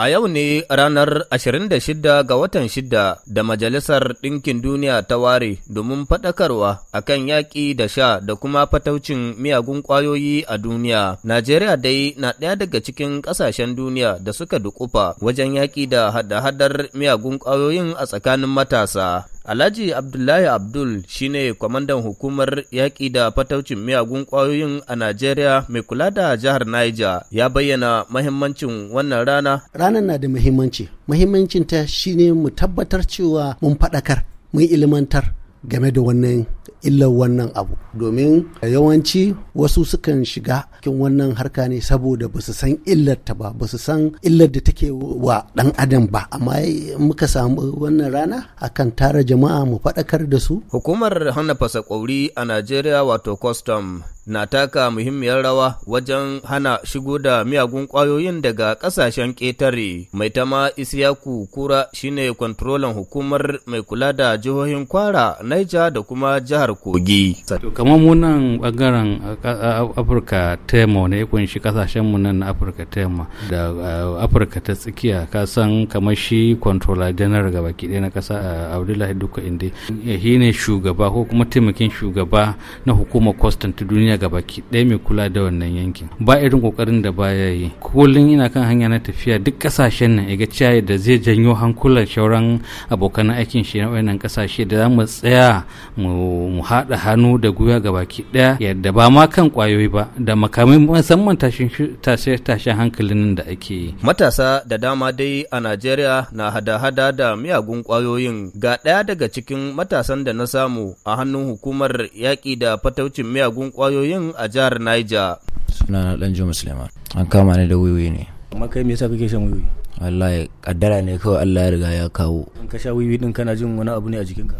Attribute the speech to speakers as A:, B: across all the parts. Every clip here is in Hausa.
A: A yau ne ranar 26 ga watan 6 da Majalisar Ɗinkin Duniya ta ware domin faɗakarwa a kan yaƙi da sha da kuma fataucin miyagun ƙwayoyi a duniya. Najeriya dai na ɗaya daga cikin ƙasashen duniya da suka dukufa wajen yaƙi da hada-hadar miyagun ƙwayoyin a tsakanin matasa. Alhaji Abdullahi Abdul shi ne kwamandan hukumar yaƙi da fataucin miyagun ƙwayoyin a Najeriya mai kula da jihar Niger ya bayyana mahimmancin wannan rana.
B: Ranar na da muhimmanci. Muhimmancinta ne mu tabbatar cewa mun faɗakar, mun ilimantar. game da wannan illar wannan abu domin yawanci wasu sukan shiga cikin wannan harka ne saboda ba su san illar ta ba ba su san illar da take wa dan adam ba amma muka samu wannan rana akan tara jama'a mu faɗakar da su hukumar
A: hana fasa kwauri a najeriya wato custom na taka muhimmiyar rawa wajen hana shigo da miyagun kwayoyin daga ƙasashen ƙetare. Mai tama Isiyaku Kura shine kwantrolan hukumar mai kula da jihohin Kwara, Naija da kuma jihar
C: Kogi. Kamar munan nan ɓangaren Afirka ta ne wani kunshi ƙasashen munan na Afirka ta da Afirka ta tsakiya ka san kamar shi kwantrola janar gaba ɗaya na ƙasa Abdullahi Duka inda shugaba ko kuma taimakin shugaba na hukumar Kwastan ta duniya duniya ga ɗaya mai kula da wannan yankin ba irin kokarin da baya yi kullum ina kan hanya na tafiya duk kasashen nan ga ciyayi da zai janyo hankulan shauran abokan aikin shi na wayannan kasashe da za mu tsaya mu haɗa hannu da gwiwa ga baki ɗaya yadda ba ma kan kwayoyi ba da makamai musamman tashin hankalin da ake yi matasa da
A: dama dai a najeriya na hada-hada da miyagun kwayoyin ga ɗaya daga cikin matasan da na samu a hannun hukumar yaƙi da fataucin miyagun kwayoyi nakiyoyin a jihar Niger. ɗan Danjo An kama ni da wiwi ne. Amma kai me yasa kake shan wiwi? Wallahi kaddara ne kawai Allah ya riga ya kawo. An ka sha wiwi din kana jin wani abu ne a jikinka?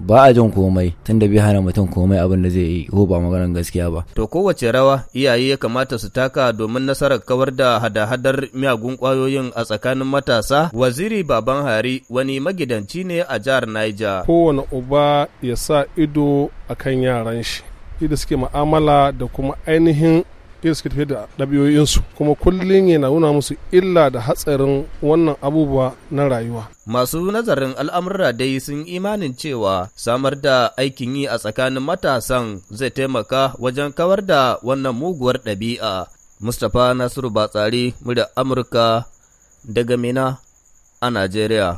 A: Ba a jin komai tunda bai hana mutum komai abin da zai yi ko ba maganar gaskiya ba. To kowace rawa iyaye ya kamata su taka domin nasarar kawar da hada-hadar miyagun kwayoyin a tsakanin matasa? Waziri Baban Hari wani magidanci ne a jihar Niger. Kowane uba ya sa ido akan yaran shi. yadda suke ma'amala da kuma ainihin yadda suke tafiya da ɗabi'o'insu kuma kullum yana nuna musu illa da hatsarin wannan abubuwa na rayuwa. Masu nazarin al'amura dai sun imanin cewa samar da aikin yi a tsakanin matasan zai taimaka wajen kawar da wannan muguwar ɗabi'a. Mustapha Nasiru Batsari, murya Amurka daga Mina a Najeriya.